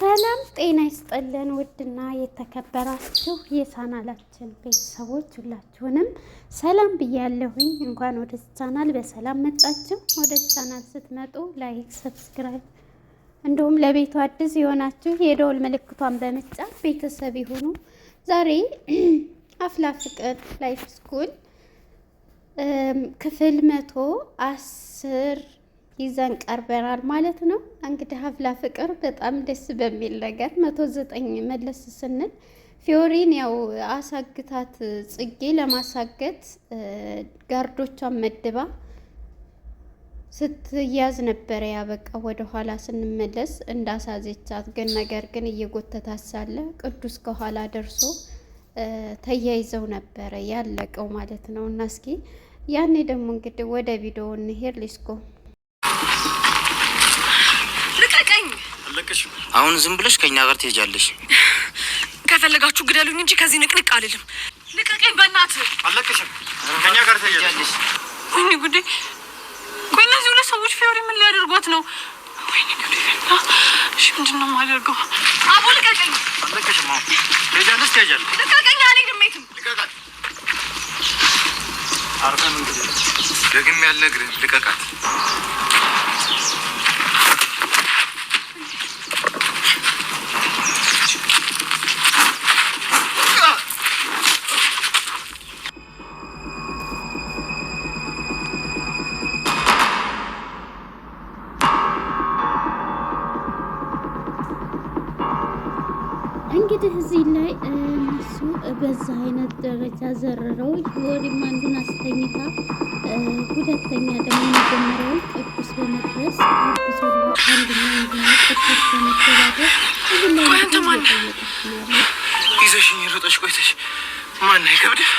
ሰላም ጤና ይስጥልን። ውድና የተከበራችሁ የቻናላችን ቤተሰቦች ሁላችሁንም ሰላም ብያለሁኝ። እንኳን ወደ ቻናል በሰላም መጣችሁ። ወደ ቻናል ስትመጡ ላይክ፣ ሰብስክራይብ እንዲሁም ለቤቱ አዲስ የሆናችሁ የደወል ምልክቷን በመጫን ቤተሰብ የሆኑ ዛሬ አፍላ ፍቅር ላይፍ ስኩል ክፍል መቶ አስር ይዘን ቀርበናል ማለት ነው። እንግዲህ አፍላ ፍቅር በጣም ደስ በሚል ነገር መቶ ዘጠኝ መለስ ስንል ፊዮሪን ያው አሳግታት ጽጌ ለማሳገት ጋርዶቿን መድባ ስትያዝ ነበረ ያበቃ። ወደኋላ ስንመለስ እንዳሳዘቻት ግን ነገር ግን እየጎተታት ሳለ ቅዱስ ከኋላ ደርሶ ተያይዘው ነበረ ያለቀው ማለት ነው። እና እስኪ ያኔ ደግሞ እንግዲህ ወደ ቪዲዮ እንሄድ ሊስኮ አሁን ዝም ብለሽ ከኛ ጋር ትሄጃለሽ። ከፈለጋችሁ ግደሉኝ እንጂ ከዚህ ንቅንቅ አልልም። ልቀቀኝ፣ በእናትህ አለቅሽም። ከኛ ጋር ትሄጃለሽ። ወይኔ ጉዴ! ቆይ እነዚህ ሁለት ሰዎች ፌሪ ምን ሊያደርጓት ነው? ወይኔ ጉዴ! እሺ፣ ምንድን ነው የማደርገው? አቦ ልቀቀኝ። አለቅሽም። አሁን ትሄጃለሽ፣ ትሄጃለሽ። ልቀቀኝ፣ አልሄድም። የትም ልቀቃት። አርፈን እንግዲህ ደግሜ ያልነግርህም ልቀቃት። አዘረረው። ወዲም አንዱን አስተኝታ፣ ሁለተኛ ደግሞ የመጀመሪያውን ቅዱስ በመድረስ ቅዱስ አንደኛ ቅዱስ በመተባበር ይዘሽኝ የሮጠሽ ቆይተሽ ማን አይከብድም።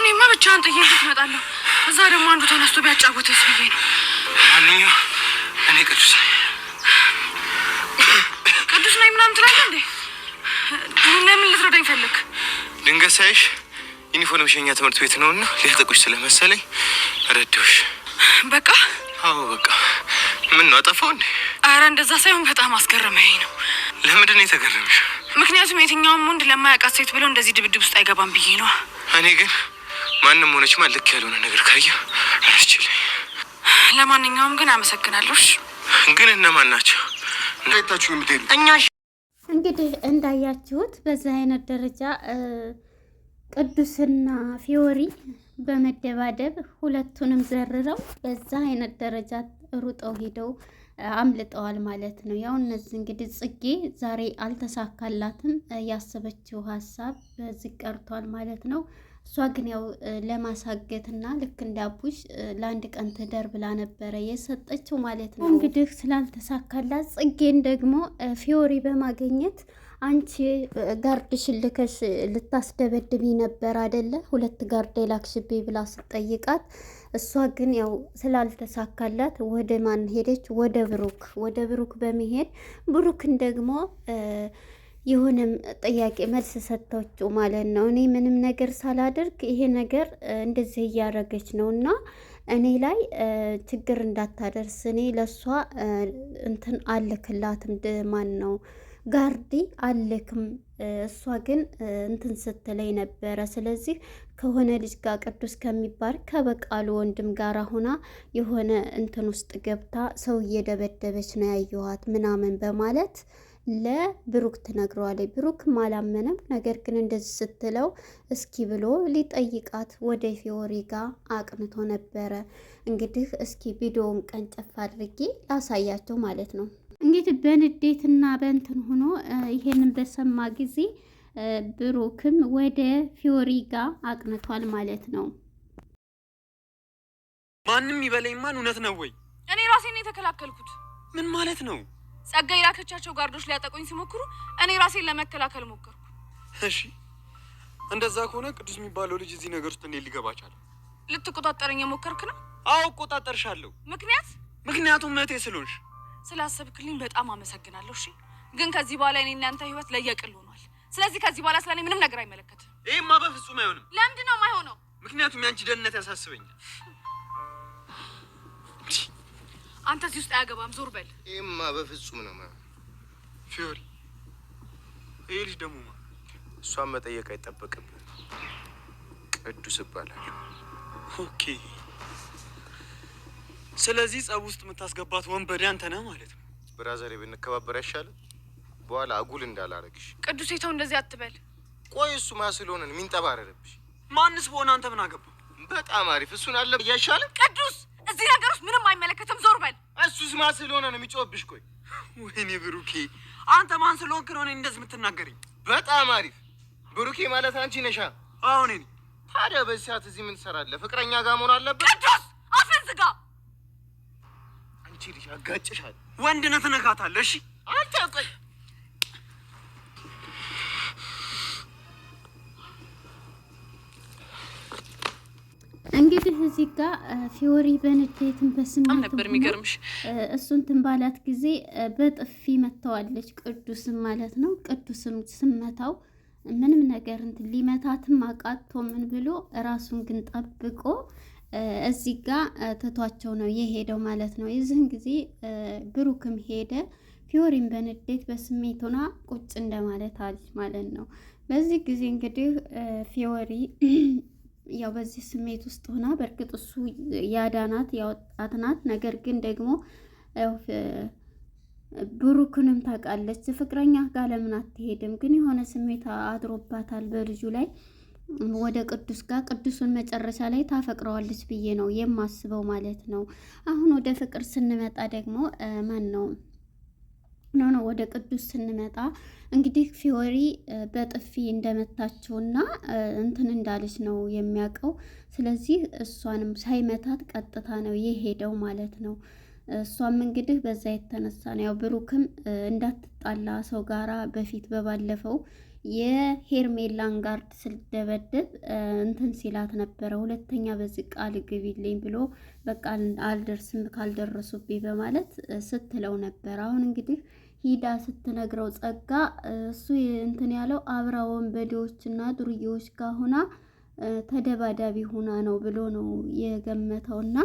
እኔማ ብቻ ጥዬ እንዴት ትመጣለሁ እዛ ደግሞ አንዱ ተነስቶ ቢያጫውተስ ብዬ ነው። ማንኛው እኔ ቅዱስ ቅዱስ ነኝ ምናምን ትላለህ እንዴ? ለምን ልትረዳኝ ፈለግ? ድንገት ሳይሽ ዩኒፎርም ሸኛ ትምህርት ቤት እና ሊያጠቁሽ ስለመሰለኝ ረዳሁሽ። በቃ አዎ፣ በቃ ምን ነው አጠፋው እንዴ? አረ እንደዛ ሳይሆን በጣም አስገረመኝ ነው። ለምንድን ነው የተገረምሽ? ምክንያቱም የትኛውም ወንድ ለማያውቃት ሴት ብለው እንደዚህ ድብድብ ውስጥ አይገባም ብዬ ነው። እኔ ግን ማንም ሆነች ማ ልክ ያልሆነ ነገር ካየ አላስችል። ለማንኛውም ግን አመሰግናለሽ። ግን እነማን ናቸው እንዳይታችሁ የምትሄዱ? እኛ እንግዲህ እንዳያችሁት በዚህ አይነት ደረጃ ቅዱስና ፊዮሪ በመደባደብ ሁለቱንም ዘርረው በዛ አይነት ደረጃ ሩጠው ሄደው አምልጠዋል ማለት ነው። ያው እነዚህ እንግዲህ ጽጌ ዛሬ አልተሳካላትም። ያሰበችው ሀሳብ በዚህ ቀርቷል ማለት ነው። እሷ ግን ያው ለማሳገትና ልክ እንዳቡሽ ለአንድ ቀን ትደር ብላ ነበረ የሰጠችው ማለት ነው። እንግዲህ ስላልተሳካላት ጽጌን ደግሞ ፊዮሪ በማግኘት አንቺ ጋርድሽን ልከሽ ልታስደበድቢ ነበር አደለ? ሁለት ጋርድ የላክሽቤ ብላ ስጠይቃት እሷ ግን ያው ስላልተሳካላት ወደ ማን ሄደች? ወደ ብሩክ። ወደ ብሩክ በመሄድ ብሩክን ደግሞ የሆነም ጥያቄ መልስ ሰጥተች ማለት ነው። እኔ ምንም ነገር ሳላደርግ ይሄ ነገር እንደዚህ እያደረገች ነው እና እኔ ላይ ችግር እንዳታደርስ እኔ ለእሷ እንትን አልክላትም ማን ነው ጋርዲ አልክም። እሷ ግን እንትን ስትለይ ነበረ። ስለዚህ ከሆነ ልጅ ጋር ቅዱስ ከሚባል ከበቃሉ ወንድም ጋር ሆና የሆነ እንትን ውስጥ ገብታ ሰው እየደበደበች ነው ያየኋት ምናምን በማለት ለብሩክ ትነግረዋለች። ብሩክም አላመነም። ነገር ግን እንደዚህ ስትለው እስኪ ብሎ ሊጠይቃት ወደ ፊዮሪ ጋር አቅንቶ ነበረ። እንግዲህ እስኪ ቪዲዮውን ቀንጨፍ አድርጌ ላሳያቸው ማለት ነው። ዳዊት በንዴትና በእንትን ሆኖ ይሄንን በሰማ ጊዜ ብሩክም ወደ ፊዮሪ ጋር አቅንቷል ማለት ነው። ማንም ይበለኝ ማን እውነት ነው ወይ? እኔ ራሴን የተከላከልኩት። ምን ማለት ነው? ጸጋ የላከቻቸው ጋርዶች ሊያጠቁኝ ሲሞክሩ እኔ ራሴን ለመከላከል ሞከርኩ። እሺ፣ እንደዛ ከሆነ ቅዱስ የሚባለው ልጅ እዚህ ነገር ውስጥ እንዴት ሊገባ ቻለ? ልትቆጣጠረኝ የሞከርክ ነው? አዎ፣ እቆጣጠርሻለሁ። ምክንያት ምክንያቱም እህቴ ስለሆንሽ ስላሰብክልኝ በጣም አመሰግናለሁ። እሺ፣ ግን ከዚህ በኋላ እኔ እናንተ ህይወት ለየቅል ሆኗል። ስለዚህ ከዚህ በኋላ ስለኔ ምንም ነገር አይመለከትም። ይህማ በፍጹም አይሆንም። ለምንድን ነው የማይሆነው? ምክንያቱም ያንቺ ደህንነት ያሳስበኛል። አንተ እዚህ ውስጥ አያገባም፣ ዞር በል። ይህማ በፍጹም ነው ማ ፊዮሪ። ይህ ልጅ ደግሞ ማ እሷን መጠየቅ አይጠበቅብን። ቅዱስ እባላለሁ። ኦኬ ስለዚህ ጸብ ውስጥ የምታስገባት ወንበዴ አንተ ነህ ማለት ነው። ብራዘሬ ብንከባበር አይሻልም? በኋላ አጉል እንዳላረግሽ። ቅዱስ ሴተው እንደዚህ አትበል። ቆይ እሱ ማ ስለሆነን የሚንጠባረርብሽ ማንስ በሆነ አንተ ምን አገባ? በጣም አሪፍ እሱን አለ እያሻለ ቅዱስ እዚህ ነገር ውስጥ ምንም አይመለከትም። ዞር በል። እሱስ ማ ስለሆነ ነው የሚጮህብሽ? ቆይ ወይኔ ብሩኬ፣ አንተ ማን ስለሆንክ ነው እንደዚህ የምትናገርኝ? በጣም አሪፍ ብሩኬ ማለት አንቺ ነሻ? አሁን እኔ ታዲያ በዚህ ሰዓት እዚህ ምን ትሰራለህ? ፍቅረኛ ጋር መሆን አለበት። ቅዱስ አፈን ዝጋ ይቺ ልጅ አጋጭሻል። ወንድ ነህ ትነካታለህ። እሺ አንተ ቆይ እንግዲህ እዚህ ጋ ፊዮሪ በንዴትም በስሜት ነበር የሚገርምሽ። እሱን ትንባላት ጊዜ በጥፊ መታዋለች፣ ቅዱስም ማለት ነው። ቅዱስም ስመታው ምንም ነገር እንትን ሊመታትም አቃቶ ምን ብሎ ራሱን ግን ጠብቆ እዚህ ጋ ትቷቸው ነው የሄደው ማለት ነው። የዚህን ጊዜ ብሩክም ሄደ። ፊዮሪን በንዴት በስሜት ሆና ቁጭ እንደማለት አለ ማለት ነው። በዚህ ጊዜ እንግዲህ ፊዮሪ ያው በዚህ ስሜት ውስጥ ሆና በእርግጥ እሱ ያዳናት ያወጣት ናት። ነገር ግን ደግሞ ብሩክንም ታውቃለች። ፍቅረኛ ጋር ለምን አትሄድም? ግን የሆነ ስሜት አድሮባታል በልጁ ላይ ወደ ቅዱስ ጋር ቅዱሱን መጨረሻ ላይ ታፈቅረዋለች ብዬ ነው የማስበው ማለት ነው። አሁን ወደ ፍቅር ስንመጣ ደግሞ ማን ነው ኖ ነው ወደ ቅዱስ ስንመጣ እንግዲህ ፊዮሪ በጥፊ እንደመታችውና እንትን እንዳለች ነው የሚያውቀው። ስለዚህ እሷንም ሳይመታት ቀጥታ ነው የሄደው ማለት ነው። እሷም እንግዲህ በዛ የተነሳ ነው ያው ብሩክም እንዳትጣላ ሰው ጋራ በፊት በባለፈው የሄርሜላን ጋርድ ስደበደብ እንትን ሲላት ነበረ። ሁለተኛ በዚህ ቃል ግቢልኝ ብሎ በቃ አልደርስም ካልደረሱብኝ በማለት ስትለው ነበር። አሁን እንግዲህ ሂዳ ስትነግረው ጸጋ እሱ እንትን ያለው አብራ ወንበዴዎችና ዱርዬዎች ጋር ሆና ተደባዳቢ ሆና ነው ብሎ ነው የገመተውና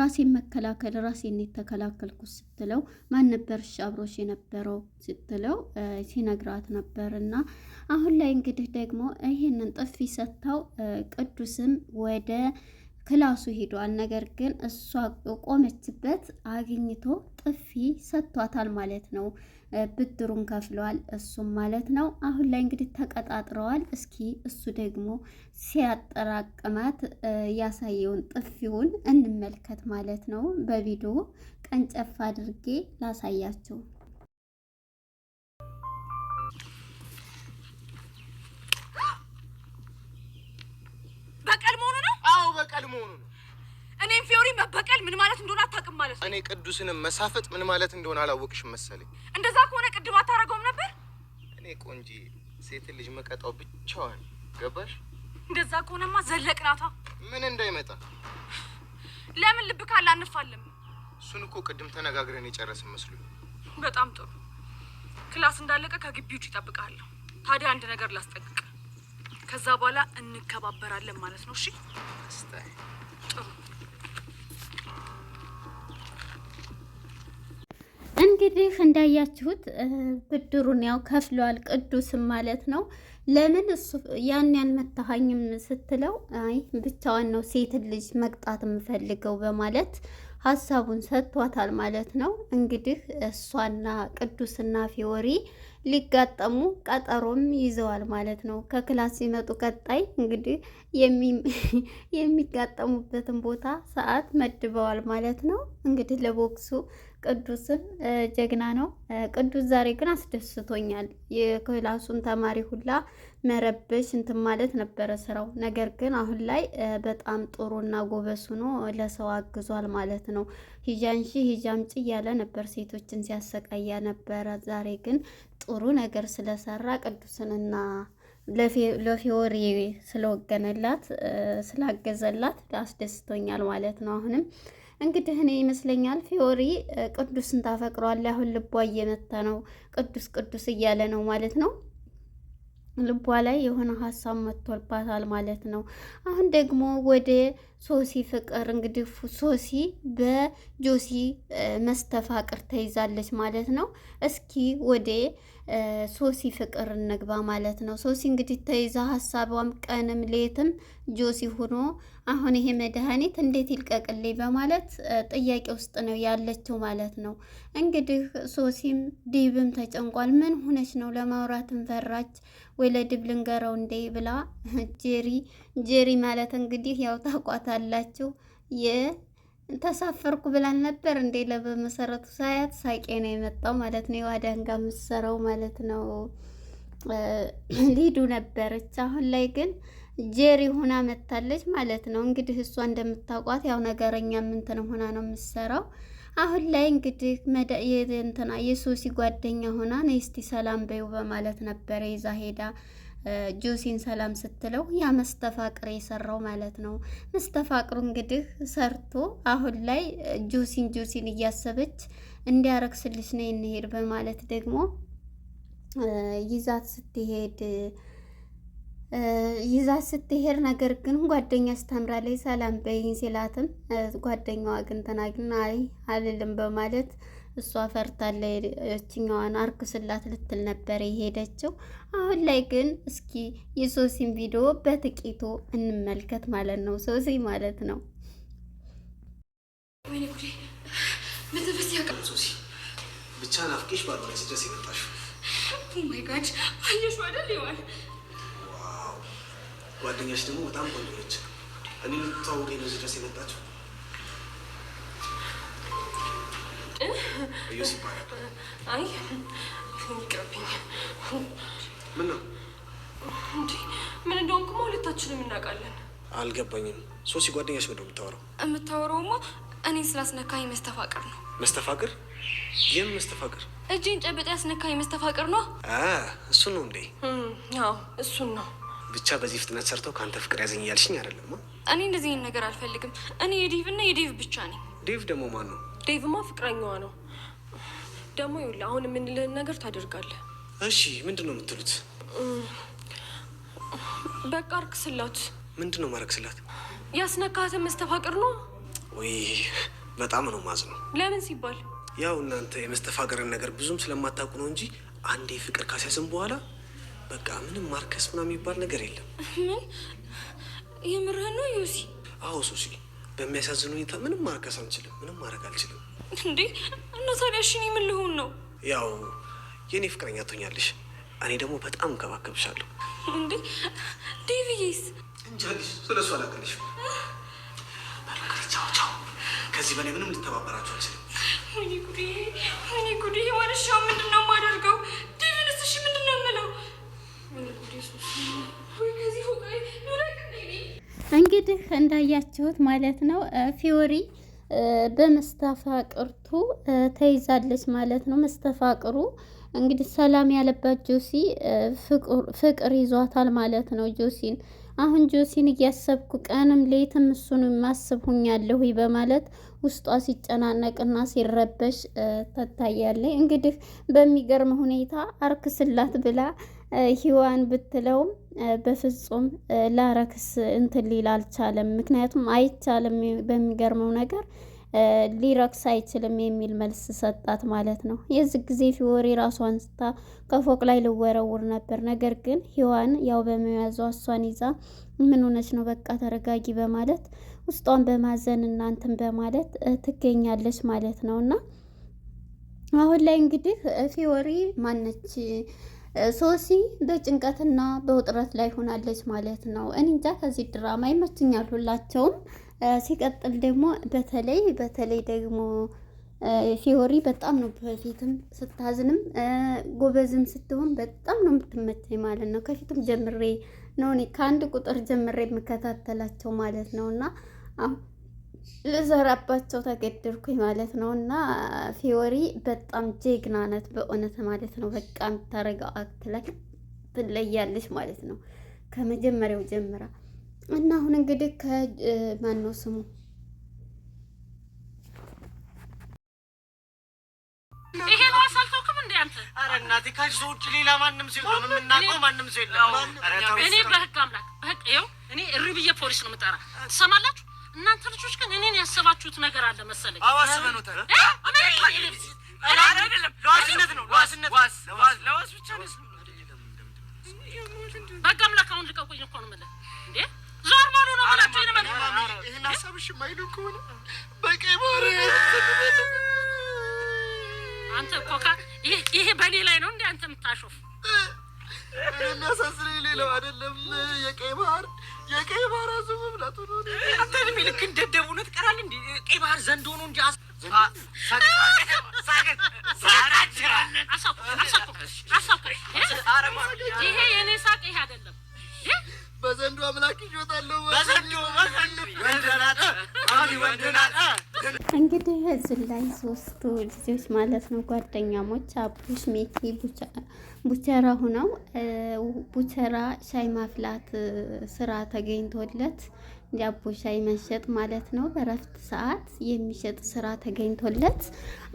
ራሴን መከላከል ራሴን የተከላከልኩ ስትለው ማን ነበርሽ አብሮሽ የነበረው ስትለው ሲነግራት ነበር። እና አሁን ላይ እንግዲህ ደግሞ ይሄንን ጥፊ ሰጥተው ቅዱስም ወደ ክላሱ ሂዷል። ነገር ግን እሷ ቆመችበት አግኝቶ ጥፊ ሰጥቷታል ማለት ነው። ብድሩን ከፍለዋል። እሱም ማለት ነው አሁን ላይ እንግዲህ ተቀጣጥረዋል። እስኪ እሱ ደግሞ ሲያጠራቅማት ያሳየውን ጥፊውን እንመልከት ማለት ነው። በቪዲዮ ቀንጨፍ አድርጌ ላሳያቸው። በቀል መሆኑ ነው። አዎ በቀል መሆኑ ነው። ፊዮሪ መበቀል ምን ማለት እንደሆነ አታውቅም ማለት ነው። እኔ ቅዱስንም መሳፈጥ ምን ማለት እንደሆነ አላወቅሽም መሰለኝ። እንደዛ ከሆነ ቅድም አታደርገውም ነበር። እኔ ቆንጂ ሴት ልጅ መቀጣው ብቻዋን ገባሽ። እንደዛ ከሆነማ ዘለቅናታ ምን እንዳይመጣ ለምን ልብ ካለ አንፋለም። እሱን እኮ ቅድም ተነጋግረን የጨረስን መስሉ። በጣም ጥሩ ክላስ እንዳለቀ ከግቢ ውጭ ይጠብቃለሁ። ታዲያ አንድ ነገር ላስጠቅቅ ከዛ በኋላ እንከባበራለን ማለት ነው። እሺ ጥሩ እንግዲህ እንዳያችሁት ብድሩን ያው ከፍለዋል፣ ቅዱስም ማለት ነው። ለምን እሱ ያን ያልመታሃኝም ስትለው አይ ብቻዋን ነው ሴት ልጅ መቅጣት የምፈልገው በማለት ሀሳቡን ሰጥቷታል ማለት ነው። እንግዲህ እሷና ቅዱስና ፊወሪ ሊጋጠሙ ቀጠሮም ይዘዋል ማለት ነው። ከክላስ ሲመጡ ቀጣይ እንግዲህ የሚጋጠሙበትን ቦታ ሰዓት መድበዋል ማለት ነው። እንግዲህ ለቦክሱ ቅዱስን ጀግና ነው። ቅዱስ ዛሬ ግን አስደስቶኛል። የክላሱን ተማሪ ሁላ መረበሽ እንትን ማለት ነበረ ስራው። ነገር ግን አሁን ላይ በጣም ጥሩና ጎበስ ሆኖ ለሰው አግዟል ማለት ነው። ሂጃንሺ ጭ እያለ ነበር፣ ሴቶችን ሲያሰቃያ ነበረ። ዛሬ ግን ጥሩ ነገር ስለሰራ ቅዱስንና ለፊዮሪ ስለወገነላት ስላገዘላት አስደስቶኛል ማለት ነው አሁንም እንግዲህ እኔ ይመስለኛል ፊዮሪ ቅዱስን ታፈቅሯል። አሁን ልቧ እየመታ ነው፣ ቅዱስ ቅዱስ እያለ ነው ማለት ነው። ልቧ ላይ የሆነ ሀሳብ መጥቶባታል ማለት ነው። አሁን ደግሞ ወደ ሶሲ ፍቅር እንግዲህ ሶሲ በጆሲ መስተፋቅር ተይዛለች ማለት ነው። እስኪ ወደ ሶሲ ፍቅር እንግባ ማለት ነው። ሶሲ እንግዲህ ተይዛ ሀሳቧም ቀንም ሌትም ጆሲ ሆኖ አሁን ይሄ መድኃኒት እንዴት ይልቀቅልኝ በማለት ጥያቄ ውስጥ ነው ያለችው ማለት ነው። እንግዲህ ሶሲም ዲብም ተጨንቋል። ምን ሆነች ነው ለማውራትም ፈራች ወይ ለድብ ልንገረው እንዴ ብላ ጄሪ ጀሪ ማለት እንግዲህ ያው የ ተሳፈርኩ ብላን ነበር እንዴ ለበመሰረቱ ሳያት ሳቄ ነው የመጣው ማለት ነው። የዋዳን ጋር የምትሰራው ማለት ነው ሊዱ ነበረች። አሁን ላይ ግን ጀሪ ሆና መታለች ማለት ነው። እንግዲህ እሷ እንደምታውቋት ያው ነገረኛ ምንትን ሆና ነው የምትሰራው። አሁን ላይ እንግዲህ መደ እንትና የሶሲ ጓደኛ ሆና ነይ እስቲ ሰላም በይው በማለት ነበረ ይዛ ሄዳ ጆሲን ሰላም ስትለው ያ መስተፋቅር የሰራው ማለት ነው። መስተፋቅሩ እንግዲህ ሰርቶ አሁን ላይ ጆሲን ጆሲን እያሰበች እንዲያረግስልሽ ነው እንሄድ በማለት ደግሞ ይዛት ስትሄድ ይዛት ስትሄድ ነገር ግን ጓደኛ ላይ ሰላም በይኝ ሲላትም ጓደኛዋ ግን ተናግና አይ አልልም በማለት እሷ ፈርታለ እችኛዋን አርክስላት ልትል ነበር የሄደችው። አሁን ላይ ግን እስኪ የሶሲን ቪዲዮ በጥቂቱ እንመልከት ማለት ነው። ሶሲ ማለት ነው ወይኔ ብቻ ናፍቄሽ ባልሆነ ስደስ የመጣሽ ማይጋድ አየሽ አይደል? ይዋል ጓደኛሽ ደግሞ በጣም ቆንጆ ነች። እኔ ልታውቅ ነው ስደስ የመጣችው እየሱስ ይባላል። አይ ይቅርብኝ። ምን ነው እንዴ? ምን እንደሆንኩማ ሁለታችንም እናውቃለን። አልገባኝም። ሶሲ ጓደኛሽ ነው የምታወራው? የምታወራውማ እኔን ስላስነካኝ መስተፋቅር ነው። መስተፋቅር? የምን መስተፋቅር? እጄን ጨብጥ ያስነካኝ መስተፋቅር ነው። እሱን ነው እንዴ? አዎ እሱን ነው። ብቻ በዚህ ፍጥነት ሰርተው ከአንተ ፍቅር ያዘኝ እያልሽኝ አይደለም? እኔ እንደዚህ ነገር አልፈልግም። እኔ የዴቭ እና የዴቭ ብቻ ነኝ። ዴቭ ደግሞ ማን ነው? ዴቭማ ፍቅረኛዋ ነው። ደግሞ ይኸውልህ አሁን የምንልህን ነገር ታደርጋለህ። እሺ ምንድን ነው የምትሉት? በቃ አርክስላት። ምንድን ነው ማረክስላት? ያስነካህትን መስተፋቅር ነው ወይ? በጣም ነው ማዝ ነው። ለምን ሲባል ያው እናንተ የመስተፋቅርን ነገር ብዙም ስለማታውቁ ነው እንጂ አንዴ ፍቅር ካሲያዝን በኋላ በቃ ምንም ማርከስ ምናምን የሚባል ነገር የለም። የምርህን ነው ዮሲ? አዎ ሶሲ በሚያሳዝን ሁኔታ ምንም ማርከስ አንችልም። ምንም ማድረግ አልችልም። እንዴ እና ታዲያ እሺ እኔ ምን ልሆን ነው? ያው የእኔ ፍቅረኛ ትሆኛለሽ፣ እኔ ደግሞ በጣም እንከባከብሻለሁ። እንዴ ዴቪስ እንጃልሽ፣ ስለ እሱ አላውቅልሽም። ቻው ቻው። ከዚህ በላይ ምንም ልተባበራችሁ አልችልም። ወይኔ ጉዴ፣ ወይኔ ጉዴ። ወንሻው ምንድን ነው የማደርገው? እንግዲህ እንዳያችሁት ማለት ነው ፊዮሪ በመስተፋቅርቱ ተይዛለች ማለት ነው። መስተፋቅሩ እንግዲህ ሰላም ያለባት ጆሲ ፍቅር ይዟታል ማለት ነው ጆሲን። አሁን ጆሲን እያሰብኩ ቀንም ሌትም እሱን ማስብሁኛለሁ በማለት ውስጧ ሲጨናነቅና ሲረበሽ ትታያለች። እንግዲህ በሚገርም ሁኔታ አርክስላት ብላ ሂዋን ብትለውም በፍጹም ላረክስ እንትን ሊል አልቻለም። ምክንያቱም አይቻልም፣ በሚገርመው ነገር ሊረክስ አይችልም የሚል መልስ ሰጣት ማለት ነው። የዚህ ጊዜ ፊወሪ ራሷን ስታ ከፎቅ ላይ ልወረውር ነበር፣ ነገር ግን ህዋን ያው በመያዟ እሷን ይዛ ምን ሆነች ነው በቃ ተረጋጊ በማለት ውስጧን በማዘን እናንትን በማለት ትገኛለች ማለት ነው እና አሁን ላይ እንግዲህ ፊወሪ ማነች ሶሲ በጭንቀትና በውጥረት ላይ ሆናለች ማለት ነው። እኔ እንጃ ከዚህ ድራማ ይመችኛል ሁላቸውም። ሲቀጥል ደግሞ በተለይ በተለይ ደግሞ ፊዮሪ በጣም ነው በፊትም ስታዝንም ጎበዝም ስትሆን በጣም ነው የምትመቸኝ ማለት ነው። ከፊትም ጀምሬ ነው እኔ ከአንድ ቁጥር ጀምሬ የምከታተላቸው ማለት ነው እና ልዘራባቸው ተገደድኩኝ ማለት ነው። እና ፊዮሪ በጣም ጀግና ናት በእውነት ማለት ነው። በቃ የምታረገው አክት ላይ ትለያለች ማለት ነው ከመጀመሪያው ጀምራ እና አሁን እንግዲህ ከማን ነው ስሙ ኧረ እናቴ ከዚህ ውጭ ሌላ ማንም ሰው የለም፣ የምናውቀው ማንም ሰው የለም። እኔ በህግ አምላክ በህግ ይኸው እኔ እሪ ብዬ ፖሊስ ነው የምጠራ። ትሰማላችሁ? እናንተ ልጆች ግን እኔን ያሰባችሁት ነገር አለ መሰለኝ። በቃ አምላክ ልቀቁኝ እኮ ነው የምልህ እንዴ ዞር በሉ ነው ብላችሁ ይህን ሀሳብሽ የማይሉ ከሆነ በቃ አንተ ኮካ ይሄ በሌላ ላይ ነው እንዲ አንተ የምታሾፍ የሚያሳዝነኝ የምለው አይደለም። የቀይ ባህር የቀይ ባህር አዞ መብላቱ ነው። አንተ እድሜ ልክ እንደ ደቡ ነው ትቀራለህ። እንደ ቀይ ባህር ዘንዶ ነው እንጂ ይሄ የኔ ሳቅ ይሄ አይደለም። በዘንዶ አምላክ ይወጣለሁ በዘንዶ በዘንዶ እንግዲህ እዚህ ላይ ሶስቱ ልጆች ማለት ነው ጓደኛሞች አቡሽ ሜቲ ቡቸራ ሁነው ቡቸራ ሻይ ማፍላት ስራ ተገኝቶለት ዳቦ ሻይ መሸጥ ማለት ነው። በረፍት ሰዓት የሚሸጥ ስራ ተገኝቶለት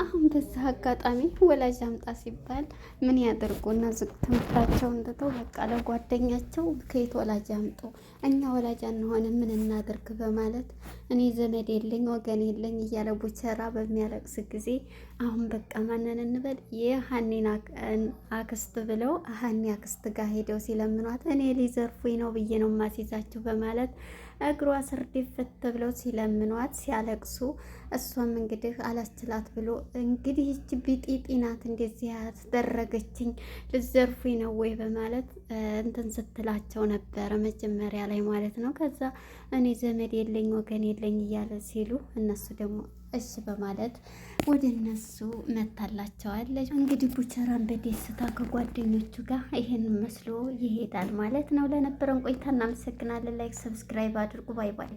አሁን በዚህ አጋጣሚ ወላጅ አምጣ ሲባል ምን ያደርጉና ዝግ ትምህርታቸውን ትተው በቃ ለጓደኛቸው ከየት ወላጅ አምጡ፣ እኛ ወላጅ አንሆንም ምን እናደርግ በማለት እኔ ዘመድ የለኝ ወገን የለኝ እያለ ቡቸራ በሚያለቅስ ጊዜ አሁን በቃ ማንን እንበል የሀኒን አክስት ብለው ሀኒ አክስት ጋር ሄደው ሲለምኗት እኔ ሊዘርፉኝ ነው ብዬ ነው ማስይዛችሁ በማለት እግሯ ስር ድፍት ብለው ሲለምኗት ሲያለቅሱ እሷም እንግዲህ አላስችላት ብሎ እንግዲህ ይች ቢጢጢ ናት እንደዚህ ያስደረገችኝ ልዘርፉኝ ነው ወይ በማለት እንትን ስትላቸው ነበረ መጀመሪያ ላይ ማለት ነው። ከዛ እኔ ዘመድ የለኝ ወገን የለኝ እያለ ሲሉ እነሱ ደግሞ እሺ በማለት ወደ እነሱ መታላቸዋለች። እንግዲህ ቡቸራን በደስታ ከጓደኞቹ ጋር ይህን መስሎ ይሄዳል ማለት ነው። ለነበረን ቆይታ እናመሰግናለን። ላይክ ሰብስክራይብ አድርጉ። ባይ ባይ።